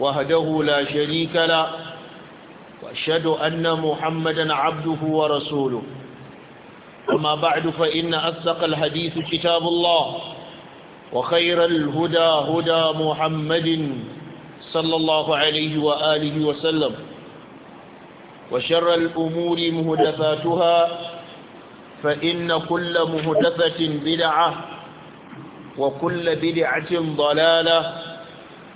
وحده لا شريك له وأشهد أن محمدا عبده ورسوله وما بعد فإن أصدق الحديث كتاب الله وخير الهدى هدى محمد صلى الله عليه وآله وسلم وشر الأمور مهدفاتها فإن كل مهدفة بدعة وكل بدعة ضلالة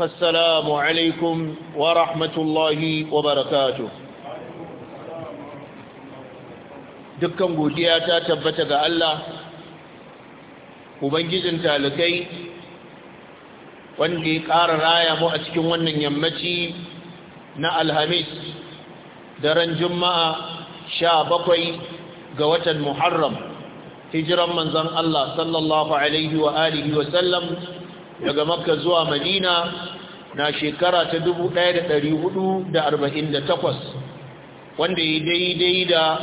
فالسلام عليكم ورحمة الله وبركاته dukkan godiya ta tabbata ga Allah ubangijin talikai wanda ya ƙara raya mu a cikin wannan yammaci na alhamis daren juma'a sha bakwai ga watan muharram hijiran manzon Allah sallallahu alaihi wa alihi wa sallam daga makka zuwa madina na shekara ta 1448 wanda ya daidai da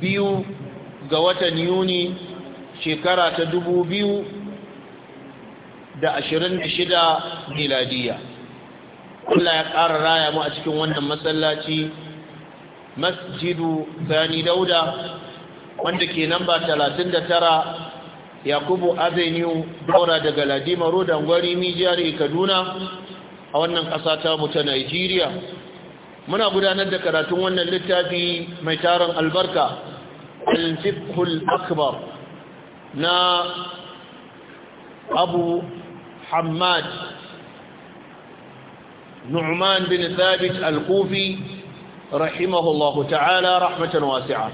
biyu ga watan yuni shekara ta 2026 miladiya kula ya ƙara raya mu a cikin wannan masallaci masjidu sani dauda wanda ke namba tara. yakubu avenue daura daga ladima road angwari mijiyar kaduna a wannan ƙasa ta mu ta nigeria muna gudanar da karatun wannan littafi mai taron albarka al-fiqhul akbar na abu hamad nu'man bin thabit al-kufi rahimahullahu ta'ala rahmatan wasi'a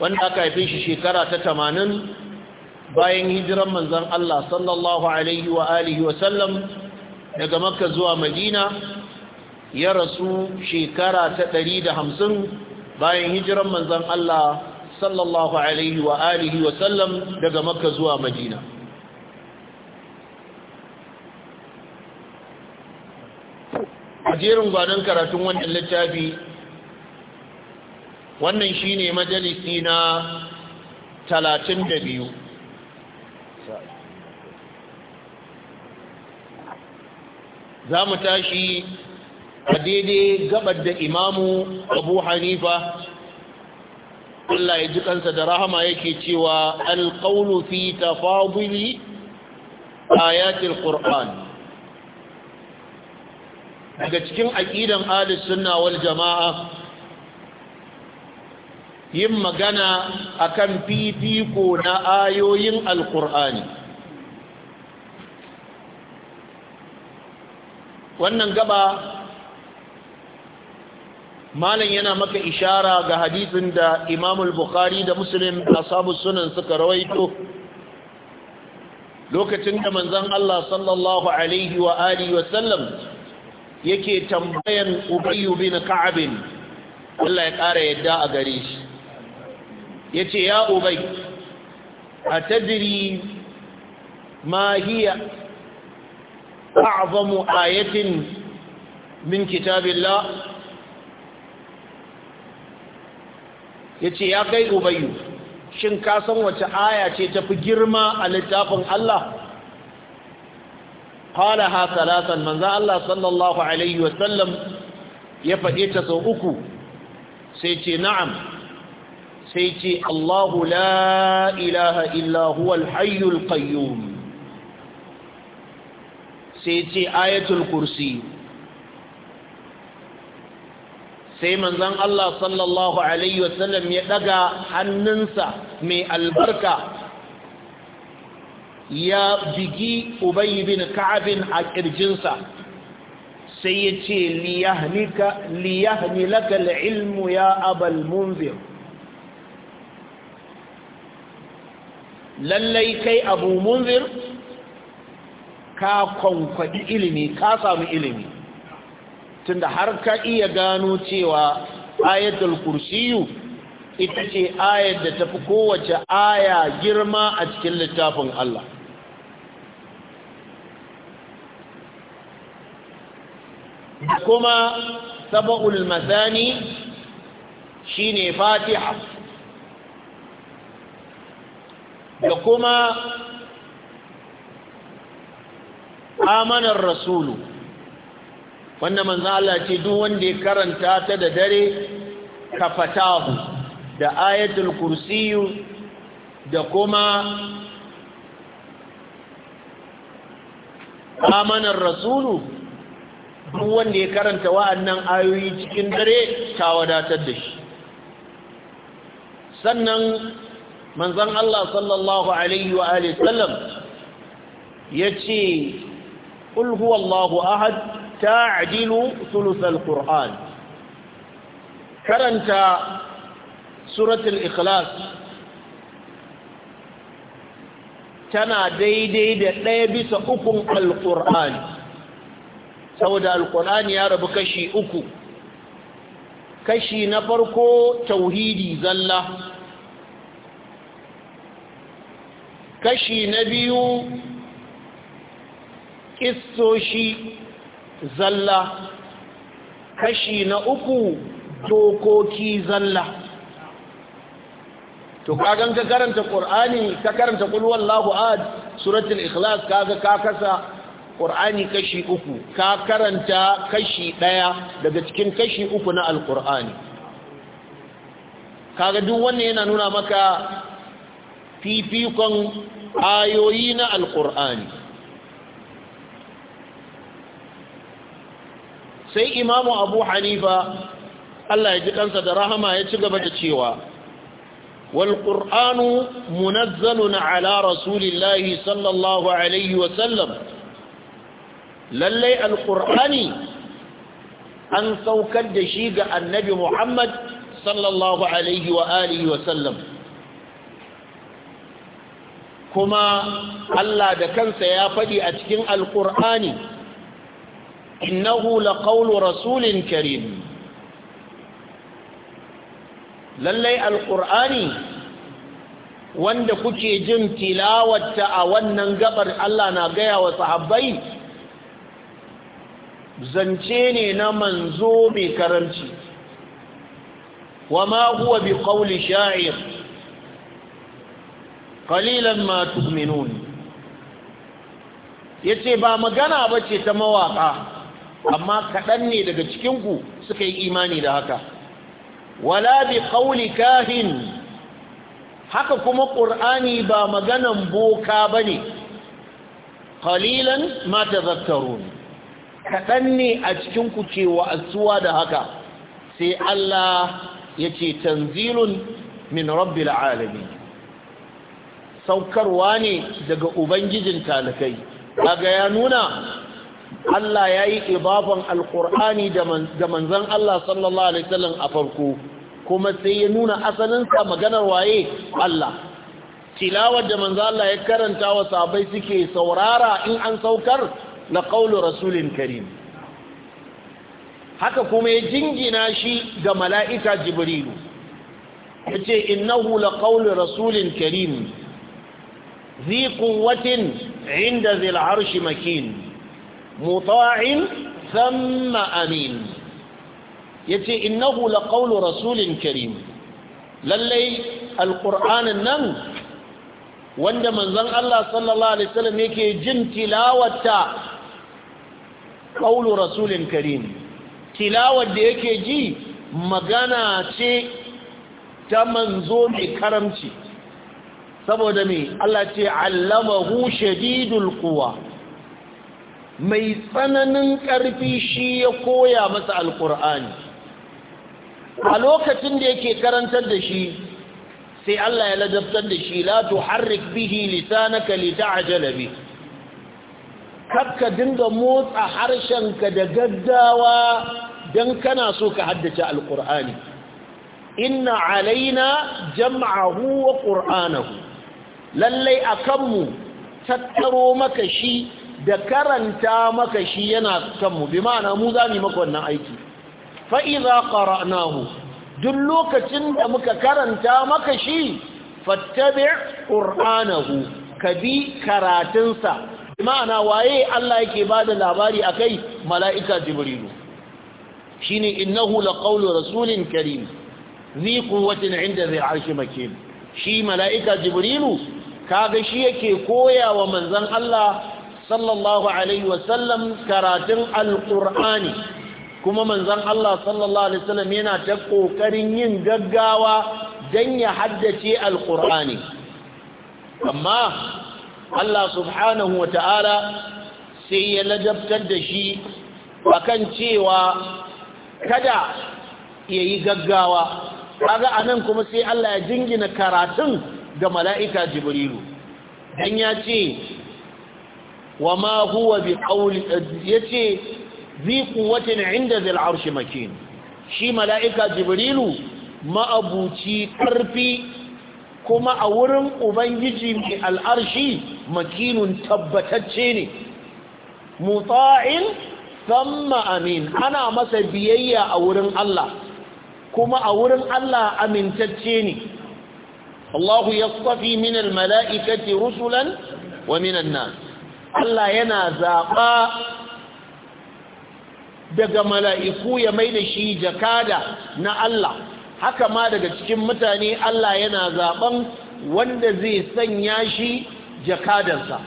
wanda aka haife shi shekara ta tamanin. bayan hijiran manzan Allah sallallahu alaihi wa alihi wa sallam daga makka zuwa madina ya rasu shekara ta ɗari da hamsin bayan hijiran manzan Allah sallallahu alaihi wa alihi wa sallam daga makka zuwa madina a jerin gwanon karatun wannan littafi wannan shine majalisi na talatin da biyu za mu tashi a daidai gabar da imamu abu hanifa Allah ya ji kansa da rahama yake cewa alƙaunu fi tafadili ayatul qur'an daga cikin aƙidan ahlus suna wal jama'a yin magana akan fifiko na ayoyin alƙur'ani wannan gaba malam yana maka ishara ga hadisin da imamul bukhari da muslim asabu sunan suka rawaito lokacin da manzon Allah sallallahu alaihi wa alihi wa sallam yake tambayan Ubay bin ka'abin Allah ya ƙara yadda a gare shi yace ya Ubay atadri ma hiya أعظم آية من كتاب الله yace ya kai ubayyu shin ka san wace aya ce ta fi girma a littafin Allah qala ha salatan manzo Allah sallallahu alaihi wa sallam ya faɗe ta sau uku sai ce na'am sai ce Allahu la ilaha illa huwal hayyul qayyum sai ce ayatul kursi sai manzon Allah sallallahu alaihi wasallam ya daga hannunsa mai albarka ya bigi ubay bin ka'abin a ƙirjinsa sai ya ce liyahnika liyahnilaka ilmu ya abal munzir lallai kai abu munzir ka kwankwaɗi ilimi ka samu ilimi tunda har ka iya gano cewa ayatul kursiyu ita ce ayat da tafi kowace aya girma a cikin littafin Allah kuma saba'ul mazani shine fatiha da kuma amanar rasulu wanda manzo Allah ce duk wanda ya karanta ta da dare kafatahu da ayatul kursiyu da kuma amanar rasulu duk wanda ya karanta wa'annan ayoyi cikin dare ta wadatar da shi sannan manzon Allah sallallahu alaihi wa alihi sallam yace قل هو ahad ta تعدل ثلث القرآن كرنت سورة الإخلاص tana daidai da ɗaya bisa ukun alƙur'ani saboda alƙur'ani ya rabu kashi uku kashi na farko tauhidi zalla kashi na biyu ƙistoshi zalla kashi na uku dokoki zalla to kagan ka karanta ƙur'ani ka karanta ƙulwar lahu'ad suratul ikhlas kaga ka kasa ƙur'ani kashi uku ka karanta kashi ɗaya daga cikin kashi uku na alƙur'ani kaga duk wannan yana nuna maka fifikon ayoyi na alƙur'ani sai imamu abu hanifa Allah ya ji kansa da rahama ya ci gaba da cewa wal qur'anu na ala rasulillahi sallallahu alaihi wa sallam lallai al qur'ani an saukar da shi ga annabi muhammad sallallahu alaihi wa sallam kuma Allah da kansa ya faɗi a cikin al qur'ani hula laqawlu rasulin karim lallai Alƙur'ani, wanda kuke jin tilawarta a wannan gabar Allah na gaya wa sahabbai zance ne na manzo mai karanci wa ma huwa bi qawli sha'ir qalilan ma tu'minun yace ba magana bace ta mawaka amma kaɗan ne daga cikinku suka yi imani da haka wala bi qawli kahin haka kuma ƙur'ani ba maganan boka ba ne ƙalilan mata ne kaɗan ne a cikinku ce asuwa da haka sai Allah ya ce tanzilun min rabbil alami saukarwa ne daga ubangijin talakai daga ya nuna Allah ya yi ibafan Alƙur'ani da manzan Allah sallallahu Alaihi wasallam a farko kuma sai ya nuna asalinsa maganar waye Allah tilawar da manzan Allah ya karanta wa sabai suke saurara in an saukar na ƙaunar rasulun karim haka kuma ya jingina shi ga mala'ika jibrilu ya ce innahu la ƙaunar rasulun karim Zikun kuwatin inda zai al'arshi makin muta'in thumma amin yace innahu laqawlu rasulin karim lallai alqur'anin nan wanda manzon Allah sallallahu alaihi wasallam yake jin tilawata qawlu rasulin karim tilawar da yake ji magana ce ta manzo mai karamci saboda me Allah ce allamahu shadidul quwa mai tsananin ƙarfi shi ya koya masa alƙur'ani a lokacin da yake karantar da shi sai Allah ya ladabtar da shi "Latu tuharrik bihi lisanaka lita'jala bi kakka dinga motsa harshenka da gaggawa dan kana so ka haddace alƙur'ani inna alaina jam'ahu wa ƙur'anahu. lallai akanmu tattaro maka shi da karanta maka shi yana kanmu bi ma'ana mu za mu maka wannan aiki Fa'iza idza duk lokacin da muka karanta maka shi fattabi' Ka bi karatunsa bi ma'ana waye Allah yake bada labari a kai? mala'ika jibrilu shine innahu laqawlu rasulin karim zi quwwatin 'inda zai 'arshi makin shi mala'ika jibrilu kaga shi yake koyawa manzon Allah sallallahu alaihi wasallam karatun alƙur'ani kuma manzan Allah sallallahu alaihi wasallam yana ta ƙoƙarin yin gaggawa don ya haddace alƙur'ani amma Allah subhanahu wa ta'ala sai ya ladabtar da shi akan cewa kada ya yi gaggawa A anan kuma sai Allah ya jingina karatun ga mala'ika jibrilu dan ya ce wa ma huwa bi qawli yace zi quwwatin 'inda zil arshi makin shi mala'ika jibrilu ma'abuci karfi kuma a wurin ubangiji mai al'arshi makinun tabbatacce ne mutsa'in samma amin ana masa biyayya a wurin Allah kuma a wurin Allah amintacce ne Allahu ya min al-mala'ikati rusulan wa minan nas Allah yana zaɓa daga mala'iku ya mai da shi jakada na Allah haka ma daga cikin mutane Allah yana zaɓan wanda zai sanya shi jakadarsa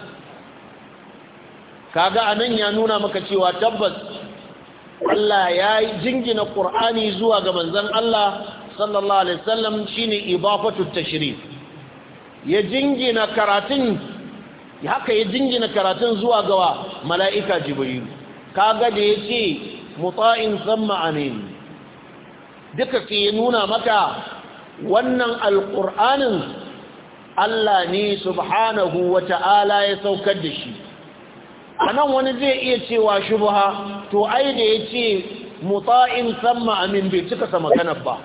kaga anan ya nuna maka cewa tabbas Allah ya yi jingina ƙur'ani zuwa ga manzan Allah sallallahu Alaihi wasallam shi ne ibafatun tashirif ya jingina karatun haka ya jingina karatun zuwa gawa mala'ika jibrilu kaga da yace mutsa’in san amin duka ke nuna maka wannan alƙur'anin Allah ne subhanahu wata'ala ya saukar da shi A nan wani zai iya cewa shi shubha to ai da ya yace mutsa’in san amin bai cika sa magana ba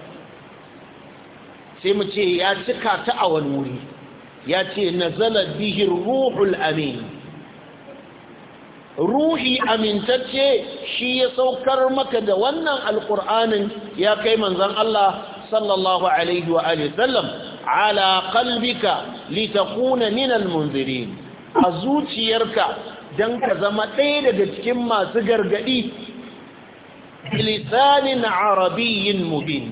sai mu ce ya cika ta a wani wuri ya ce nazalar bihin ruhul amin ruhi amintacce shi ya saukar maka da wannan alƙur'anin ya kai manzan Allah sallallahu alaihi wa sallam ala kalbika litakuna minal munzirin a zuciyarka don ka zama ɗaya daga cikin masu gargaɗi bilisanin arabiyyin mubin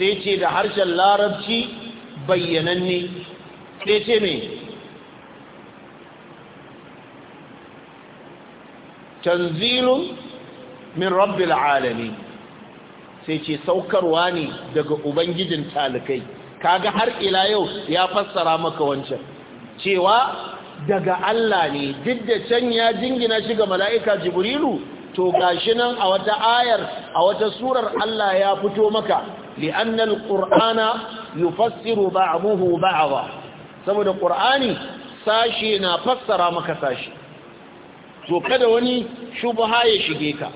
sai ce da harshen larabci bayyananne sai ce mai canzilun min rabbil alami sai ce saukarwa ne daga ubangijin talikai kaga har ila yau ya fassara maka wancan cewa daga Allah ne duk da can ya jingina shiga ga mala'ika jibrilu to gashi nan a wata ayar a wata surar Allah ya fito maka لأن القرآن يفسر بعضه بعضا saboda ƙur'ani sashe na fassara maka sashe to kada wani shubha ya shige ka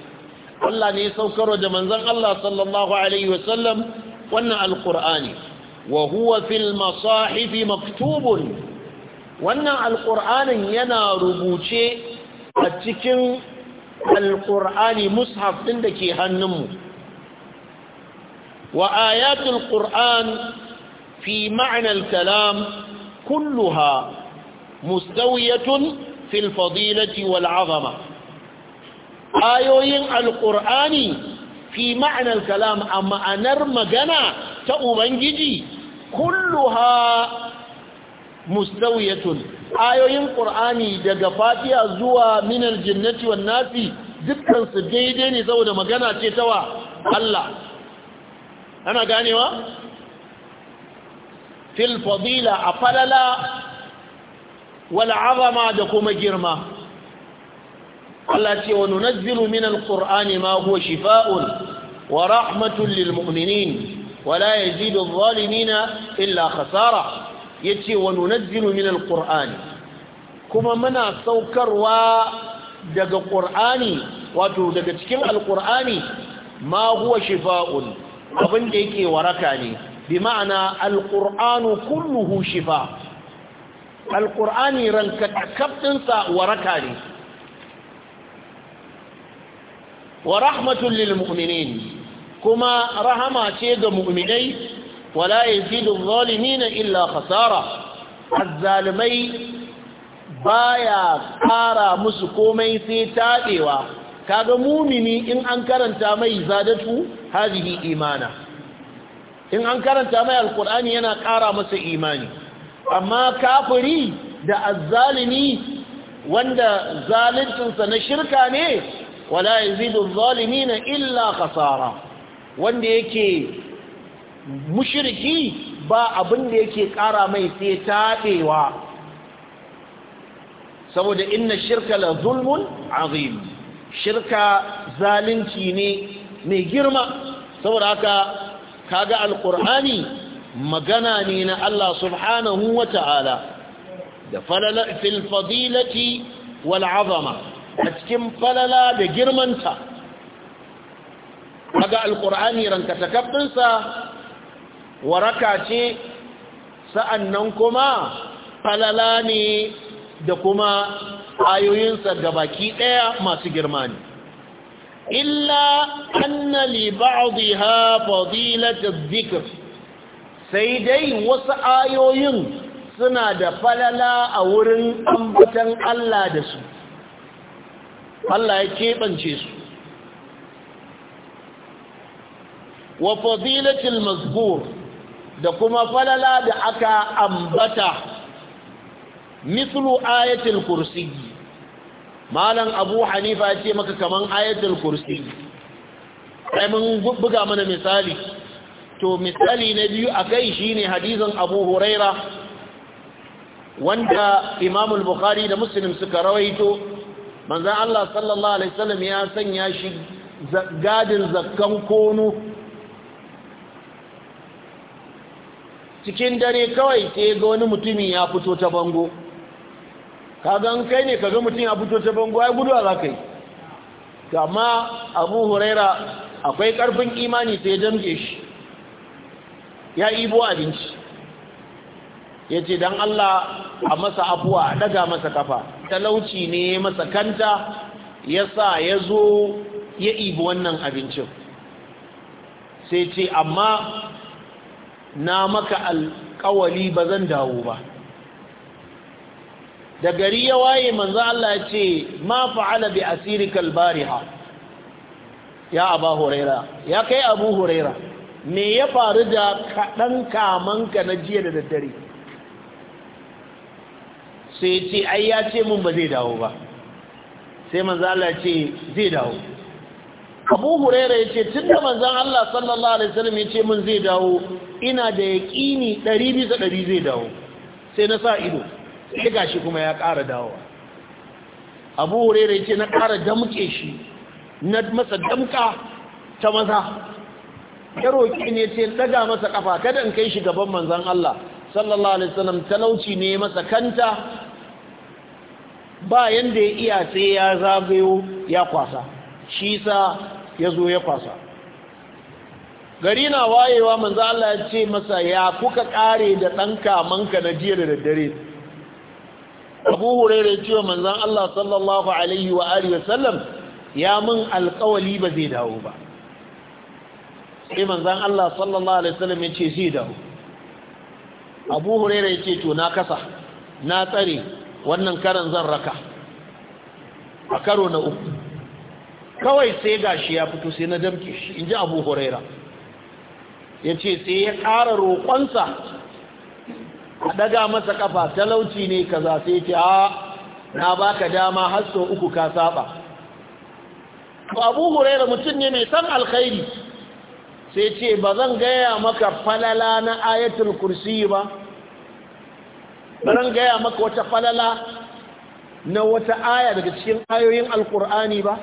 Allah ne saukar da manzon Allah sallallahu alaihi wasallam wannan alqur'ani wa huwa fil masahif maktubun wannan alqur'anin yana rubuce a cikin alqur'ani mushaf din da ke hannunmu وآيات القرآن في معنى الكلام كلها مستوية في الفضيلة والعظمة آيوين القرآن في معنى الكلام أما أنر مجنى تأمنجي كلها مستوية آيوين قرآني دقفاتي الزوى من الجنة والناس ذكرا سجيدين سوى مجنى تتوى الله ana ganewa fil fadila a falala wal azama da kuma girma Allah ce wa nunazzilu min alqur'ani ma huwa shifaa'un wa rahmatun lil mu'minin wa la yazidu adh-dhalimina illa khasara yace wa nunazzilu min alqur'ani kuma muna saukarwa daga qur'ani wato daga cikin alqur'ani ma huwa shifaa'un abin da yake waraka ne bi ma'ana alƙur'anu kulluhu shifa alƙur'ani ranka kafinsa waraka ne wa rahmatun lil mu'minin kuma rahama ce ga mu'minai wala yazidu adh-dhalimina illa khasara azzalimai baya ƙara musu komai sai taɗewa kaga mumini in an karanta mai zadatu hazihi imana in an karanta mai alkur'ani yana ƙara masa imani amma kafiri da azzalimi wanda zaluncinsa na shirka ne wala yazidu na illa kasara wanda yake mushriki ba abin da yake ƙara mai sai taɗewa saboda inna shirka la zulmun azim shirka zalunci ne mai girma saboda haka kaga alkur'ani magana ne na Allah subhanahu wa ta'ala da falala wal'azama fadilati wal a cikin falala da girmanta kaga alkur'ani ranka takabbinsa waraka ce sa'annan kuma falala ne da kuma ayoyinsa ga baki ɗaya masu girma ne illa anna li ba'dha ha adh-dhikr sai dai wasu ayoyin suna da falala a wurin ambatan Allah da su Allah ya keɓance su wa fadilatul mazkur da kuma falala da aka ambata mislu ayatul kursigi. malam abu hanifa ya ce maka kaman ayatul kursi Sai mun buga mana misali to misali na biyu akai shine hadisin abu huraira wanda imam al-bukhari da muslim suka rawaito manzon Allah sallallahu alaihi wasallam ya sanya shi gadin zakkan kono cikin dare kawai sai ga wani mutumi ya fito ta bango kagan kai ne ka ga mutum ya fito ta bango ai a za ka yi amma abu huraira akwai karfin imani sai jamge shi ya ibo abinci ya ce don Allah a masa afuwa a daga masa kafa talauci ne masa kanta ya sa ya zo ya ibi wannan abincin sai ce amma na maka alkawali ba zan dawo ba da gari ya waye manzo Allah ya ce ma fa'ala bi asirikal bariha ya abu huraira ya kai abu huraira me ya faru da kadan kamanka na jiya da daddare sai ce ai ya ce mun ba zai dawo ba sai manzo Allah ya ce zai dawo abu huraira ya ce tun da manzan Allah sallallahu alaihi wasallam ya ce mun zai dawo ina da yaƙini ɗari bisa ɗari zai dawo sai na sa ido sai gashi kuma ya ƙara dawowa abu hurera ce na ƙara damƙe shi na masa damƙa ta maza ya roƙi ne ce daga masa ƙafa kada kai shi gaban manzan Allah sallallahu alaihi wasallam talauci ne masa kanta ba yanda ya iya sai ya zagayo ya kwasa shi sa ya zo ya kwasa gari na wayewa manzan Allah ya ce masa ya kuka ƙare da ɗan manka, na jiya da daddare abu hurairu cewa manzan Allah sallallahu alaihi wa alihi wasallam ya mun alkawali ba zai dawo ba sai manzan Allah sallallahu alaihi wasallam ya ce zai dawo abu hurairu ya ce to na kasa na tsare wannan karan zan raka a karo na uku kawai sai gashi ya fito sai na damke shi in ji abu hurairu ya ce sai ya ƙara roƙonsa a daga masa kafa talauci ne ka sai ce a na baka dama har sau uku ka saba abu huraira mutum ne mai san alkhairi sai ce ba zan gaya maka falala na ayatul kursi ba ba zan gaya maka wata falala na wata aya daga cikin ayoyin alkur'ani ba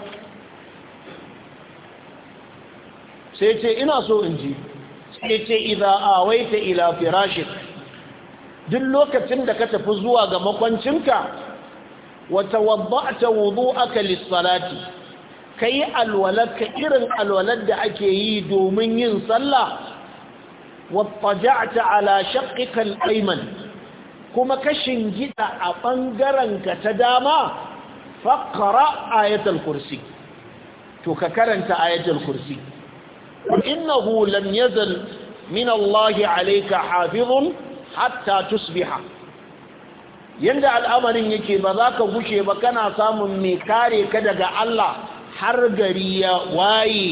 sai ce ina so in ji sai ce idan awaita ila firashin. duk lokacin da ka tafi zuwa ga makwancinka wata wadda'ata wudu'aka lis-salati alwalar ka irin alwalar da ake yi domin yin sallah wattaja'ta ala shak'ikan al kuma ka shingida a bangaranka ta dama faqra ayatul kursi to ka karanta ayatul kursi innahu lam yazal min Allah alayka hafizun hatta tusbiha yanda al'amarin yake ba za ka gushe ba kana samun mai kare ka daga Allah har gari ya waye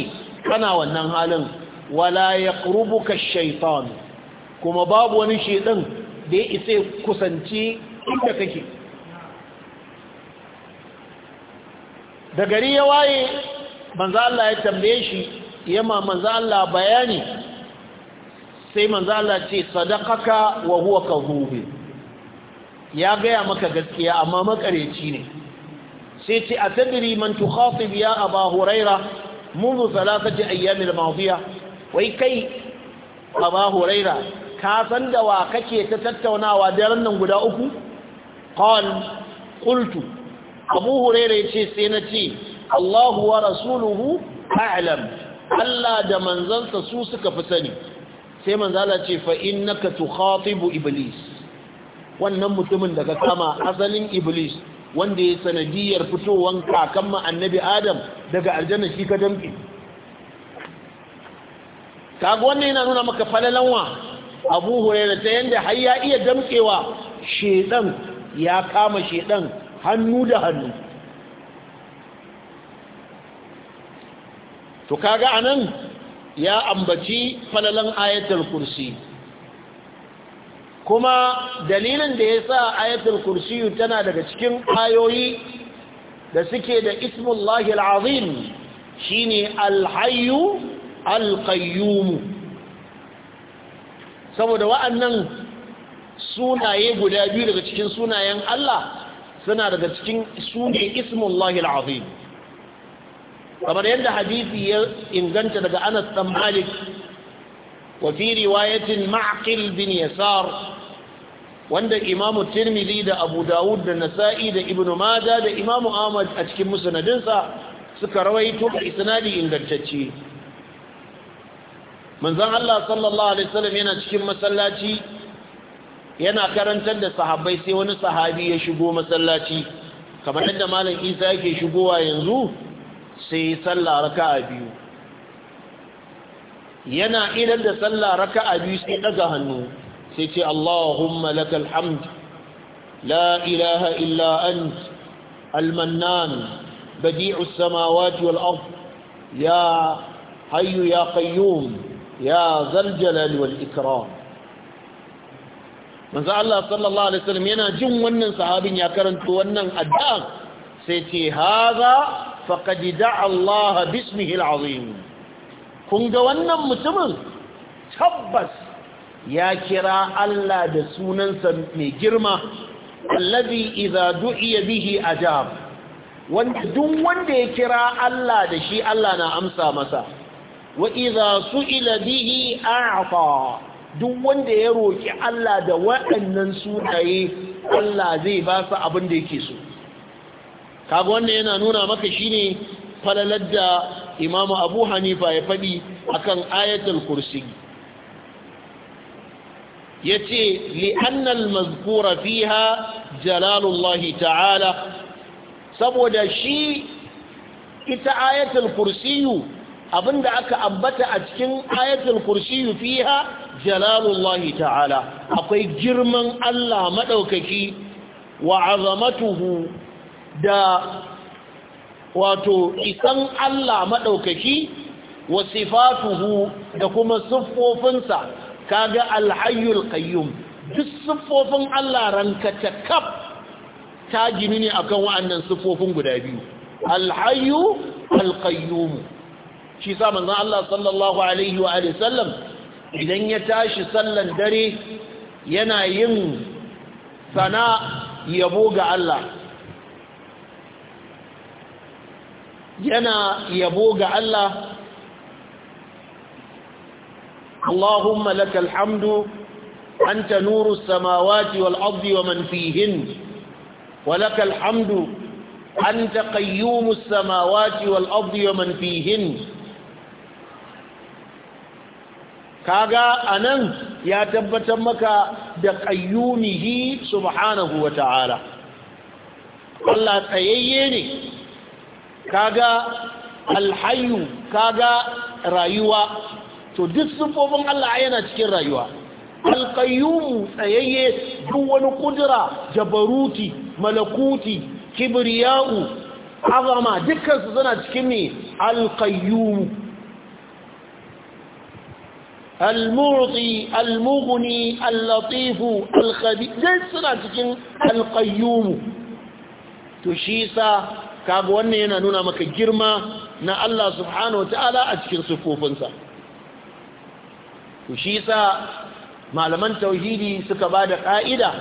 kana wannan halin wala ya yaqrubuka shaitan kuma babu wani shedan da ya isa kusanci inda kake da gari ya waye manzo Allah ya tambaye shi yamma manzo Allah bayani sai manzala ce sadakaka wa huwa kazubi ya gaya maka gaskiya amma makareci ne sai ce a tadiri man tukhasib ya aba huraira منذ ثلاثه ايام الماضيه وي كاي ابا هريره كان دا وا kake tattaunawa da ran nan guda uku qal qultu abu hurayra yace sai na ce Allahu wa rasuluhu a'lam allah da manzansa su suka fi sani sai manzala ce fa innaka tukhatibu iblis wannan mutumin daga kama asalin iblis wanda ya sanadiyar fitowar kakan ma annabi adam daga aljanna shi ka damke kaga wannan yana nuna maka falalanwa abu hurairah ta yadda har ya iya damkewa shedan ya kama shedan hannu da hannu to kaga anan ya ambaci falalan ayatul kursi kuma dalilin da ya sa ayatul kursi tana daga cikin ayoyi da suke da ismullahi al'azim ne alhayu alkayyumu. saboda wa'annan sunaye guda biyu daga cikin sunayen Allah suna daga cikin sune ismullahi al'azim kamar yadda hadisi ya inganta daga Anas dan Malik wa fi riwayatin Ma'qil bin Yasar wanda imamu Tirmidhi da Abu Dawud da Nasa'i da Ibnu Mada da Imam Ahmad a cikin musnadinsa suka rawaito isnadi ingantacce manzon Allah sallallahu alaihi wasallam yana cikin masallaci yana karantar da sahabbai sai wani sahabi ya shigo masallaci kamar yadda malam Isa yake shigowa yanzu sai sallah raka'a biyu yana idan da sallah raka'a biyu sai daga hannu sai ce Allahumma lakal hamd la ilaha illa ant al-mannan badi'us samawati wal ard ya hayyu ya qayyum ya zal jalali wal ikram manzo Allah sallallahu alaihi wasallam yana jin wannan sahabin ya karanto wannan addu'a sai ce haza faqad da'a Allah azim kun ga wannan mutumin tabbas ya kira Allah da sunansa mai girma allazi idza du'iya bihi ajab wanda duk wanda ya kira Allah da shi Allah na amsa masa wa idza su'ila bihi a'ta duk wanda ya roki Allah da waɗannan sunaye Allah zai ba su abin da yake so kaga wannan yana nuna maka shine falalar da Imam abu hanifa ya faɗi akan ayatul kursi ya ce li'annal mazkura fiha jalalullahi ta'ala saboda shi ita ayatul kursiyu abinda aka ambata a cikin ayatul kursiyu fiha jalalullahi ta'ala akwai girman Allah maɗaukaki wa azamatuhu da wato isan Allah maɗaukaki wa sifatuhu da kuma siffofinsa kaga alhayyul qayyum duk siffofin Allah rankata kaf ta gini ne akan wa'annan siffofin guda biyu alhayyu alqayyum shi sa manzon Allah sallallahu alaihi wa alihi sallam idan ya tashi sallan dare yana yin sana yabo ga Allah yana yabo ga Allah Allahumma lakal hamdu anta nuru samawati wal ardi wa man fihin wa lakal hamdu anta qayyumus samawati wal ardi wa man fihin kaga anan ya tabbatar maka da qayyumihi subhanahu wa ta'ala Allah tsayayye ne kaga alhayu kaga rayuwa to duk sufofin Allah yana cikin rayuwa alqayyum tsayayye duk wani kudura jabaruti malakuti kibriya'u azama dukkan su suna cikin ne alqayyum المعطي المغني اللطيف الخبير دين سنة القيوم تشيسا kaga wannan yana nuna maka girma na Allah subhanahu ta'ala a cikin sufofinsa shi yasa malaman tauhidi suka ba da ƙa'ida?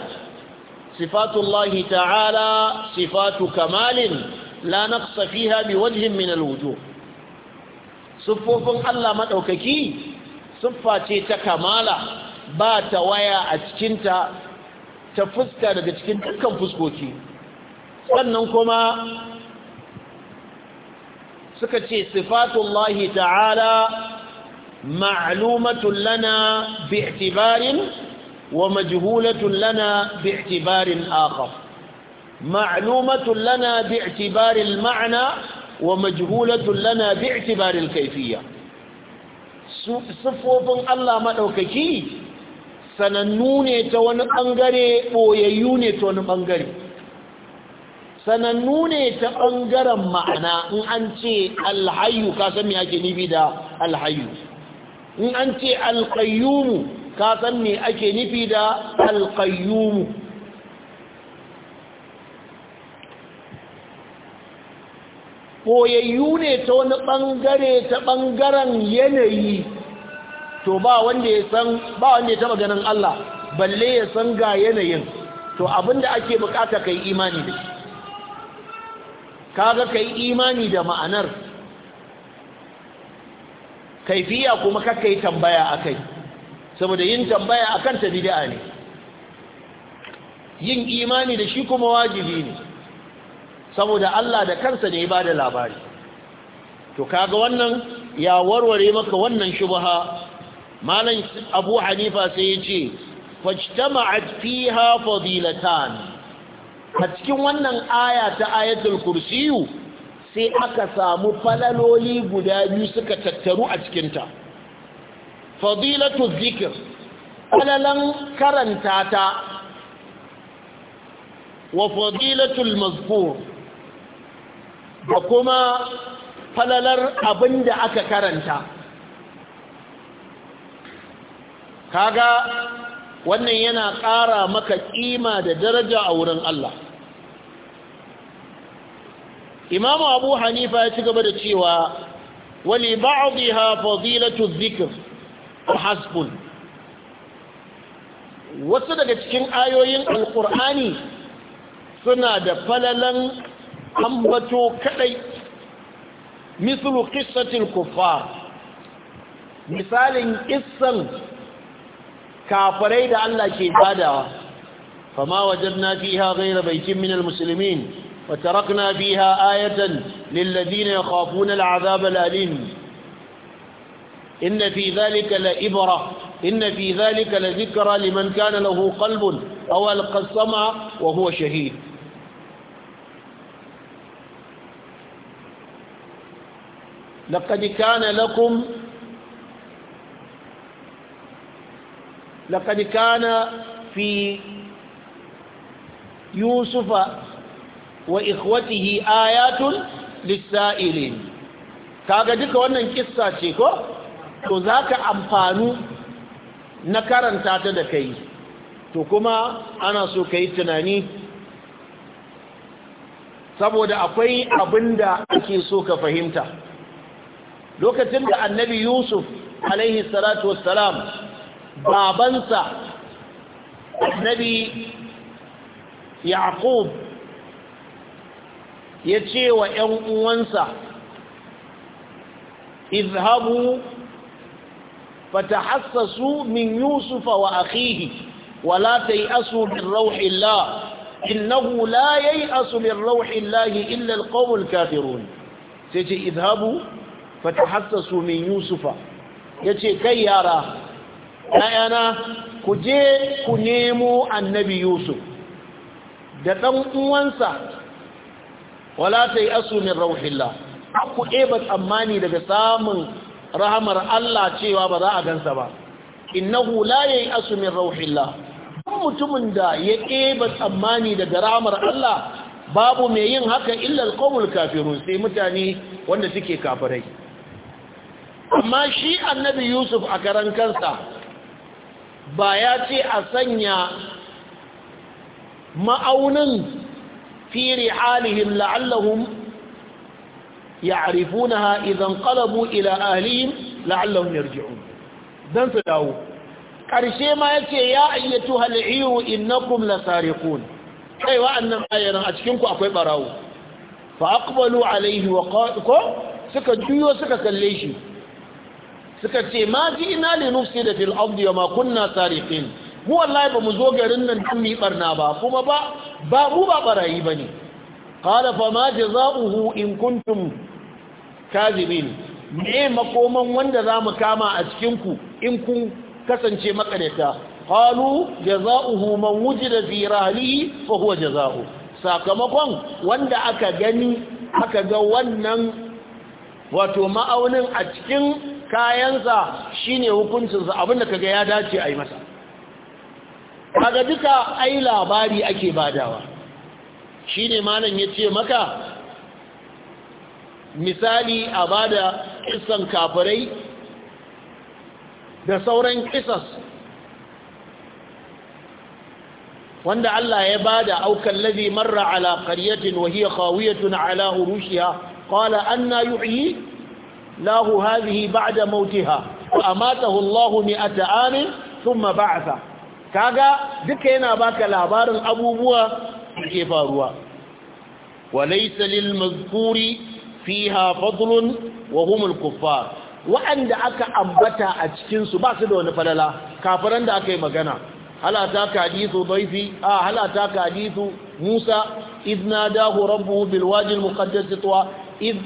sifatullahi ta'ala sifatu kamalin la naqsa fiha biwajhin min siffofin Allah maɗaukaki, siffa ce ta kamala ba ta waya a cikinta ta fuska daga cikin dukkan fuskoki sannan kuma suka ce sifatullahi ta'ala ma'lumatun lana bi'tibarin wa majhulatun lana bi'tibarin akhar ma'lumatun lana bi'tibarin ma'ana wa majhulatun lana bi'tibarin kaifiyya siffofin Allah maɗaukaki sanannu ne ta wani ɓangare ɓoyayyu ne ta wani ɓangare sanannu ne ta ɓangaren ma'ana in an ce alhayu ka san me ake nufi da alhayu in an ce alkayyumu ka san me ake nufi da alkayyumu koyayyu ne ta wani ɓangare ta ɓangaren yanayi to ba wanda ya san ba wanda ya taɓa ganin Allah balle ya san ga yanayin to abinda ake bukata kai imani da shi kaga kai imani da ma'anar kaifiya kuma kakka yi tambaya akai saboda yin tambaya akan ta bid'a ne yin imani da shi kuma wajibi ne saboda Allah da kansa ne ya bada labari to kaga wannan ya warware maka wannan shubha malam Abu Hanifa sai ya ce fajtama'at fiha fadilatan a cikin wannan aya ta ayatul kursiyu sai aka samu falaloli guda biyu suka tattaru a cikinta fadilatu zikir falalan karanta ta wa fadilatul mazkur da kuma falalar abin da aka karanta kaga wannan yana ƙara maka ƙima da daraja a wurin Allah imam abu hanifa ya ci gaba da cewa wali hasbun wasu daga cikin ayoyin alqur'ani suna da falalan ambato kadai mislu qissatil misalin kissan kafirai da Allah ke bada fama wajadna fiha ghayra baitin minal muslimin وتركنا فيها آية للذين يخافون العذاب الأليم إن في ذلك لإبرة إن في ذلك لذكرى لمن كان له قلب أو ألقى السمع وهو شهيد لقد كان لكم لقد كان في يوسف wa ikhwatihi ayatun lissa'ilin kaga duka wannan kissa ce ko to zaka amfanu na karanta ta da kai to kuma ana so kai tunani saboda akwai abinda ake so ka fahimta lokacin da annabi yusuf alaihi salatu wassalam babansa annabi yaqub ya ce wa ‘yan uwansa izhabu fatahassasu min yusufa wa akhihi wala tai'asu min rauhillah innahu la yai'asu min rauhillah illa alqawmul kafirun sai ce izhabu fatahassasu min yusufa yace kai yara yayana ku je ku nemo annabi yusuf da ɗan uwansa wala ta yi asu min rauhillah ku eba tsammani daga samun rahamar Allah cewa ba za a gansa ba innahu la yayi asu min rauhillah mutumin da ya eba tsammani daga rahamar Allah babu mai yin haka illar alqawmul kafirun sai mutane wanda suke kafirai amma shi annabi Yusuf a karan kansa ba ya ce a sanya ma'aunin في رحالهم لعلهم يعرفونها إذا انقلبوا إلى أهلهم لعلهم يرجعون دان سداو قرشي ما يكي يا أيتها العير إنكم لسارقون أي وأن آيانا أتكنكم أكوي براو فأقبلوا عليه وقالوا سكا جيو سكا كليشي سكا تي ما جئنا لنفسد في الأرض وما كنا سارقين mu wallahi ba mu zo garin nan tun mi barna ba kuma ba ba mu ba barayi bane qala fa ma jazauhu in kuntum kazibin me makoman wanda za mu kama a cikin ku in kun kasance makareta qalu jazaohu man wujida fi rahlihi fa huwa jazaohu sakamakon wanda aka gani aka ga wannan wato ma'aunin a cikin kayansa shine hukuncinsa abinda kaga ya dace a yi masa kaga duka ai labari ake badawa shi ne malam ya ce maka misali a bada kisan kafirai da sauran kisas wanda Allah ya bada aukan ladhi marra ala qaryatin wa hiya khawiyatun ala urushiha qala anna yuhyi lahu hadhihi ba'da mautiha wa amatahu Allahu mi'ata amin thumma ba'atha kaga duka yana baka labarin abubuwa ke faruwa walaysa lil mazkuri fiha fadlun wa humul kuffar wa'anda aka ambata a cikin su ba su da wani falala kafiran da aka yi magana halata ka hadithu dhaifi ah halata ka hadithu Musa idh nadahu rabbuhu bil wadi al muqaddas tuwa idh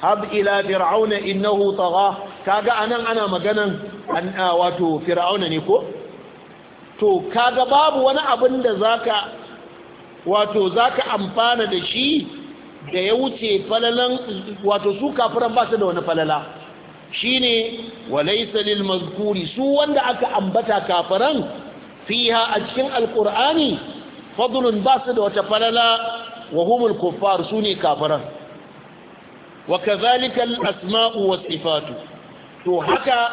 hab ila fir'auna innahu tagha kaga anan ana maganan an wato fir'auna ne ko to kaga babu wani abin da zaka wato zaka amfana da shi da ya wuce falalan wato su kafiran ba su da wani falala shine walaysa lil mazkuri su wanda aka ambata kafiran fiha a cikin alqur'ani fadlun ba su da wata falala wa humul kuffar sune kafiran wa kadhalika al asma'u was sifatu to haka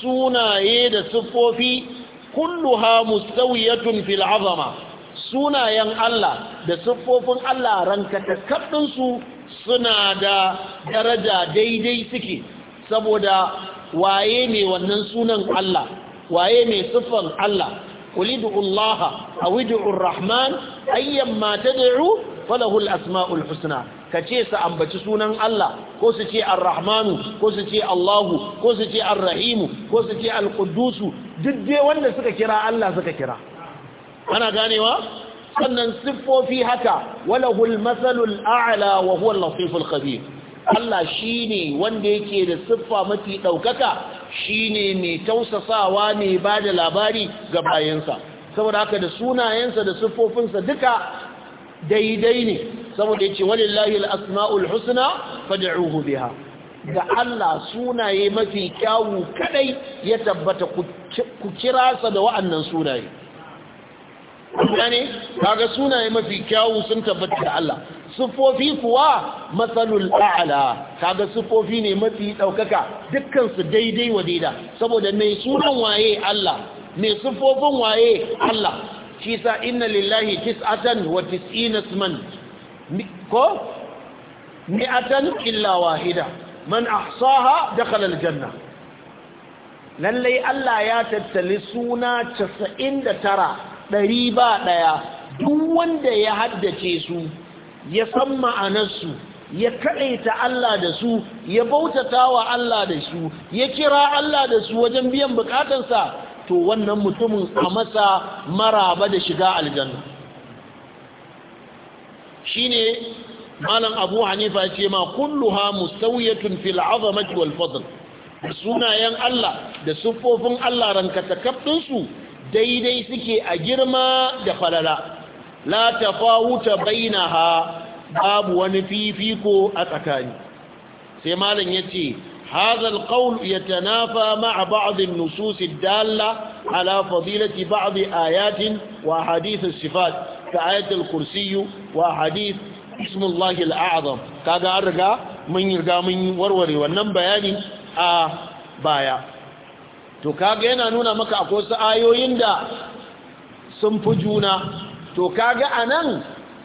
sunaye da siffofi kulluha mustawiyatun fil azama sunayen Allah da siffofin Allah rankata kaɗinsu suna da daraja daidai suke saboda waye ne wannan sunan Allah waye ne siffan Allah قل ادعوا الله او ادعوا الرحمن ايا ما تدعوا فله ka ce su ambaci sunan Allah ko su ce ar-rahmanu ko su ce Allahu ko su ce ar-rahimu ko su ce al-quddusu duk dai wanda suka kira Allah suka kira ana ganewa sannan siffofi haka walahul masalul a'la wa huwa latiful khabir Allah shine wanda yake da siffa mafi daukaka shine mai tausasawa ne ba da labari ga bayansa saboda haka da sunayensa da siffofinsa duka daidai ne saboda yace wani al-asma'ul husna fad'uhu biha ga Allah sunaye mafi kyawu kadai ya tabbata ku kira sa da wa'annan sunaye gane kaga sunaye mafi kyawu sun tabbata da Allah sufofi kuwa matsalul a'la kaga sufofi ne mafi daukaka dukkan su daidai wa daida saboda mai sunan waye Allah mai sufofin waye Allah shi sa inna lillahi tis'atan wa tis'ina isman ko mi'atan illa wahida man ahsaha dakhala aljanna lallai Allah ya tattali suna 99 ɗari ba ɗaya duk wanda ya haddace su ya san ma'anarsu ya kaɗaita Allah da su ya bautata wa Allah da su ya kira Allah da su wajen biyan bukatarsa to wannan mutumin a masa maraba da shiga aljanna shine malam abu hanifa ce ma kulluha mustawiyatun fil azamati wal fadl sunayen Allah da siffofin Allah rankata kafdin su daidai suke a girma da falala la tafawuta bainaha babu wani fifiko a tsakani sai malam yace هذا القول يتنافى مع بعض النصوص الدالة على فضيلة بعض آيات وحديث الصفات كآية الكرسي وحديث اسم الله الأعظم كذا أرقى من يرقى من وروري bayani a baya to kaga yana nuna maka akwai wasu ayoyin da sun fi juna to kaga anan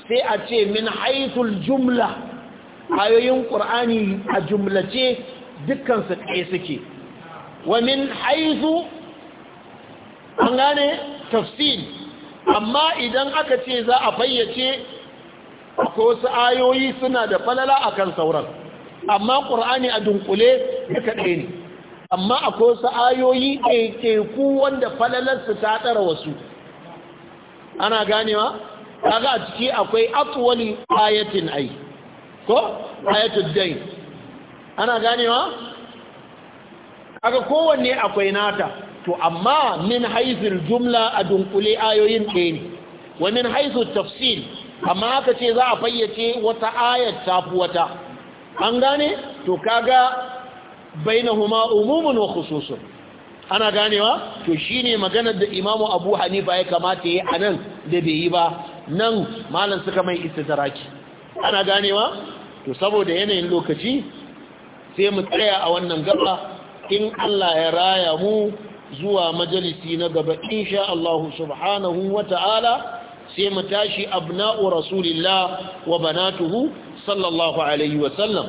sai a ce min haithul jumla ayoyin qur'ani a jumlace dukkan su kai suke wa min haithu an gane tafsir amma idan aka ce za a fayyace ko su ayoyi suna da falala a kan sauran amma ƙur'ani a dunkule ya kaɗe ne amma a ko su ayoyi ɗaiɗaiku wanda falalarsu ta ɗara wasu ana ganewa kaga a ciki akwai atwali ayatin ai ko ayatul dai ana ganewa kaga kowanne akwai nata to amma min haizul jumla a dunkule ayoyin ɗaya ne wa min haizul tafsir, amma haka ce za a fayyace wata ayat tafi wata an gane to kaga huma umumin wa khususun ana ganewa to shine maganar da imamu abu hanifa ya kamata ya anan da bai yi ba nan malam suka mai istidraki ana ganewa to saboda yanayin lokaci sai mu tsaya a wannan gaba in Allah ya raya mu zuwa majalisi na gaba insha Allah subhanahu wa ta'ala sai mu tashi abna'u rasulillah wa banatuhu sallallahu alaihi wa sallam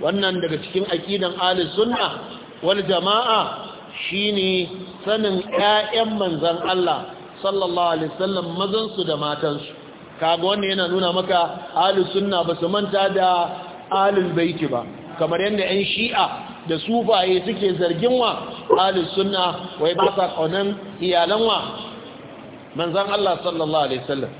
wannan daga cikin aqidan ahli sunna wal jama'a shine sanin ƴaƴan manzon Allah sallallahu alaihi wasallam mazan su da matan su kaga wannan yana nuna maka Ali sunna ba su manta da ahlul baiti ba kamar yanda ƴan shi'a da sufaye suke zargin wa ahli sunna wai ba sa kaunan iyalan wa manzon Allah sallallahu alaihi wasallam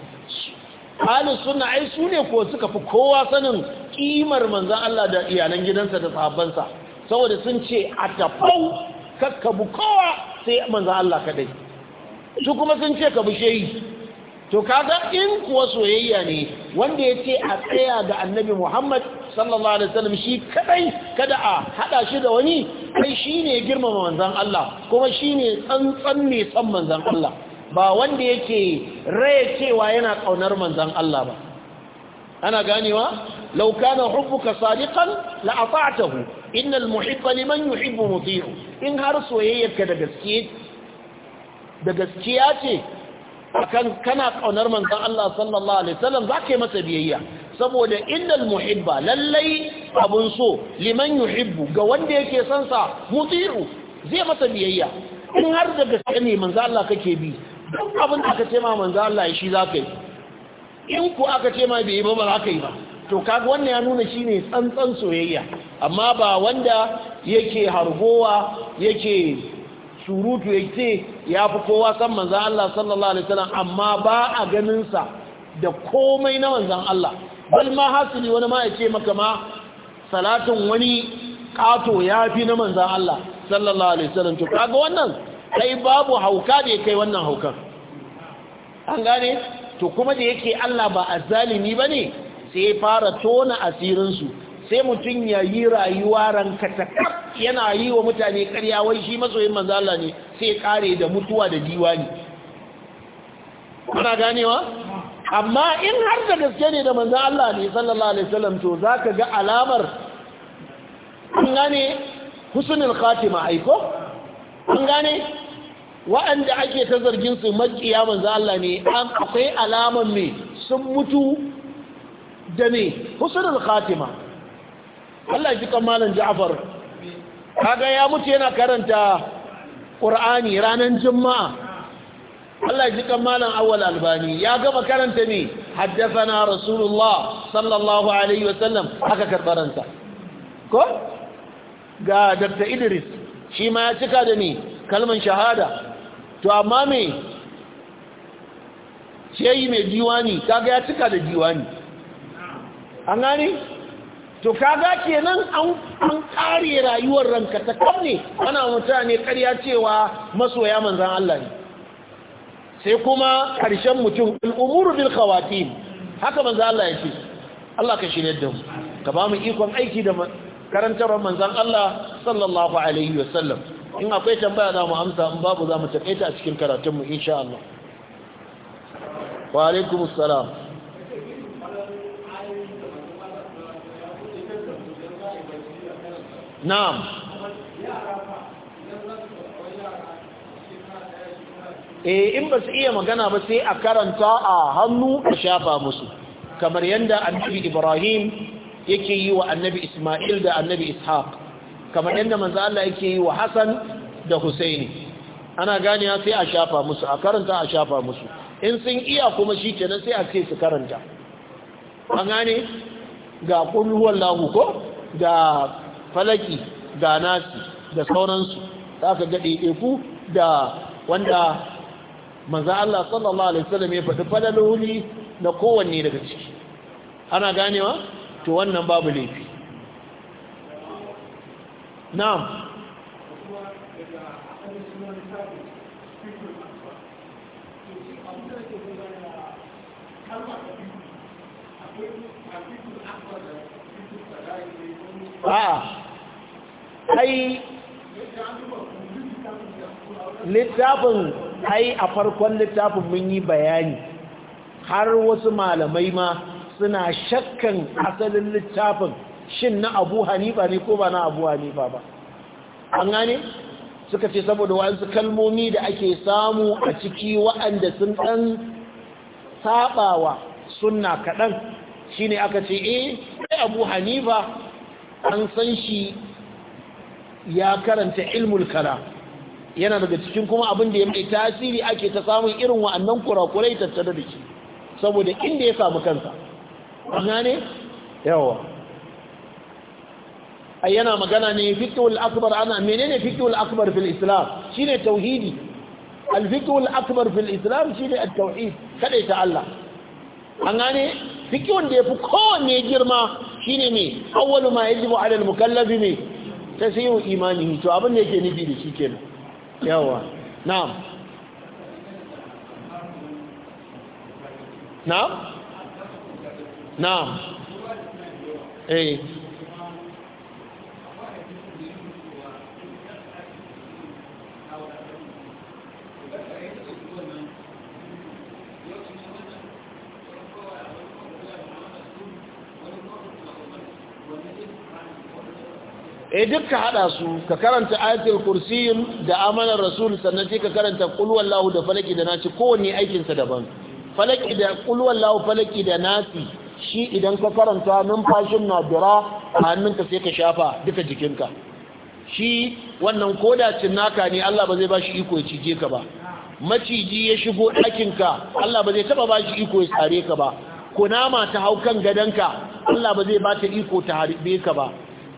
ahli sunna ai su ne ko suka fi kowa sanin kimar manzan Allah da iyalan gidansa da sahabbansa saboda sun ce a tafau kakkabu kowa sai manzon Allah kadai su kuma sun ce ka bi shehi to kaga in kuwa soyayya ne wanda ya ce a tsaya da annabi muhammad sallallahu alaihi wasallam shi kadai kada a hada shi da wani kai shine girmama manzon Allah kuma shine tsantsan ne san manzon Allah ba wanda yake raye cewa yana kaunar manzon Allah ba ana ganewa law kana hubbuka sadiqan la ata'tahu innal muhibba liman yuhibbu muti'u in har soyayyarka da gaskiya da gaskiya ce akan kana kaunar manzon Allah sallallahu alaihi wasallam zaka yi masa biyayya saboda innal muhibba lallai abun so liman yuhibbu ga wanda yake son sa muti'u zai masa biyayya in har da gaske ne manzon Allah kake bi duk abin da aka ce ma Allah shi zaka yi in ku aka ce ma bai ba ba zaka yi ba to kaga wannan ya nuna shi ne tsantsan soyayya amma ba wanda yake harbowa yake surutu ya ce ya fi kowa san manzan Allah sallallahu alaihi wasallam amma ba a ganinsa da komai na manzan Allah bal ma hasili wani ma ce maka ma salatin wani kato ya fi na manzan Allah sallallahu alaihi wasallam to kaga wannan kai babu hauka da ya kai wannan haukan an gane to kuma da yake Allah ba a ba ne sai fara tona asirin su sai mutum ya yi rayuwa rankata yana yi wa mutane karya wai shi matsoyin manzo Allah ne sai kare da mutuwa da diwani kuna ganewa amma in har da gaske ne da manzo Allah ne sallallahu alaihi wasallam to zaka ga alamar kun gane husnul khatima aiko kun gane waɗanda ake ta zargin su makiya manzo Allah ne akwai alaman me sun mutu da ne husnul khatima Allah ji malam Ja'far kaga ya mutu yana karanta Qur'ani ranan Juma'a Allah ji malam Awwal Albani ya gama karanta ne haddathana Rasulullah sallallahu alaihi wa sallam aka karbaranta ko ga Dr. Idris shi ma ya cika da ni kalman shahada to amma me yi mai diwani kaga ya cika da diwani an gani to kaga kenan an kare rayuwar ranka ta kamne ana mutane karya cewa masoya manzan Allah ne sai kuma karshen mutum al'umuru bil khawatim haka manzan Allah ya ce Allah ka shirye da mu ka ba mu ikon aiki da karantar manzan Allah sallallahu alaihi sallam. in akwai tambaya za mu amsa in babu za mu takaita a cikin karatunmu insha Allah wa alaikumus salam na'am eh in ba su iya magana ba sai a karanta a hannu a shafa musu kamar yadda annabi ibrahim yake yi wa annabi isma'il da annabi ishaq kamar yadda manzo Allah yake yi wa Hassan da husaini ana ya sai a shafa musu a karanta a shafa musu in sun iya kuma shi kenan sai a ce su karanta an gane ga kulhuwan lahu ko ga. falaki da nasi da sauransu za ka gaɗe ku da wanda maza Allah sallallahu alaihi wasallam ya faɗi falaloli na kowanne daga ciki ana ganewa to wannan babu laifi na'am a'a ai littafin ai a farkon littafin mun yi bayani har wasu malamai ma suna shakkan asalin littafin shin na abu hanifa ne ko ba na abu hanifa ba an gane suka ce saboda wa'ansu kalmomi da ake samu a ciki wa'anda sun ɗan saɓawa sunna kaɗan shine aka ce eh abu hanifa an san shi ya karanta ilmul kara yana daga cikin kuma abin da ya mai tasiri ake ta samun irin wa'annan kurakurai tattare da shi saboda inda ya samu kansa ana ne yawa yana magana ne fiqhul akbar ana menene fiqhul akbar fil islam shine tauhidi al akbar fil islam shine at tauhid kadai ta Allah an gane fiqhun da fi kowanne girma shine mai awwalu ma yajibu ala al mukallafi mai? ta sai yau imani to abin da yake nufi da shi ke kenan yawa na'am na'am na'am eh e duk ka hada su ka karanta ayatul kursiyin da amanar rasul sannan sai ka karanta qul wallahu da falaki da nasi kowanne aikin sa daban falaki da qul wallahu falaki da nasi shi idan ka karanta numfashin na nadira hannun ka sai ka shafa duka jikinka shi wannan koda naka ne Allah ba zai ba shi iko ya cije ka ba maciji ya shigo ɗakinka Allah ba zai taba ba shi iko ya tsare ka ba kunama ta hau kan gadonka Allah ba zai ba ta iko ta harbe ka ba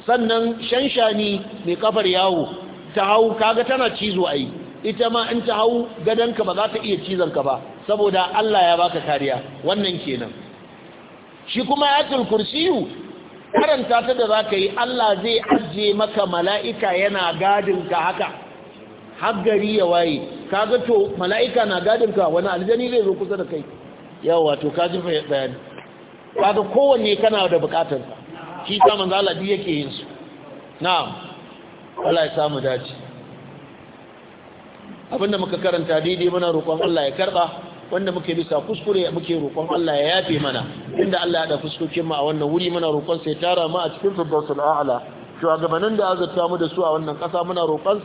sannan shanshani mai kafar yawo ta hau kaga tana cizo ai ita ma in ta hau gadonka ba za ta iya cizon ka ba saboda Allah ya baka kariya wannan kenan shi kuma ayatul kursiyu karanta ta da zaka yi Allah zai ajiye maka mala'ika yana gadin ka haka har ya waye kaga to mala'ika na gadin ka wani aljani zai zo kusa da kai yawa to kaji bayani kaga kowanne kana da bukatarsa shi ta manzo Allah duk yake yin su na'am Allah ya samu dace abinda muka karanta daidai muna roƙon Allah ya karba wanda muke bisa kuskure muke roƙon Allah ya yafe mana inda Allah ya da fuskokin mu a wannan wuri muna roƙon ya tara mu a cikin firdausul a'la shugabannin da azurta mu da su a wannan ƙasa muna roƙon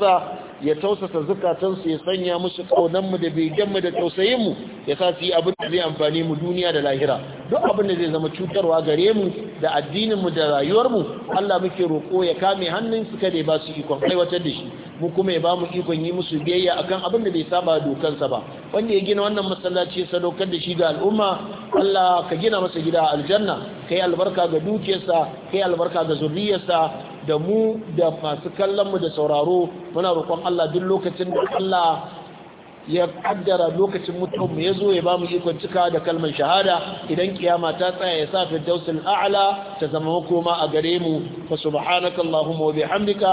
ya tausasa zukatansu ya sanya musu kaunanmu da begenmu da tausayinmu ya sa su yi abin da zai amfani mu duniya da lahira duk abin da zai zama cutarwa gare mu da addininmu da rayuwarmu Allah muke roƙo ya kame hannun su kada ba su ikon aiwatar da shi mu kuma ya ba mu ikon yi musu biyayya akan abin da bai saba dokansa ba wanda ya gina wannan masallaci ya sadaukar da shi ga al'umma Allah ka gina masa gida aljanna kai albarka ga dukiyarsa kai albarka ga zurriyarsa da mu da masu kallon mu da sauraro muna roƙon Allah duk lokacin da Allah ya kaddara lokacin mutum mu zo ya mu ikon cika da kalmar shahada idan kiyama ta tsaya ya sa fi dausul a'la ta zama hukuma a gare mu fa subhanaka allahumma wa bihamdika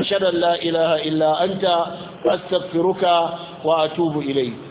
ashhadu an la ilaha illa anta astaghfiruka wa atubu ilayk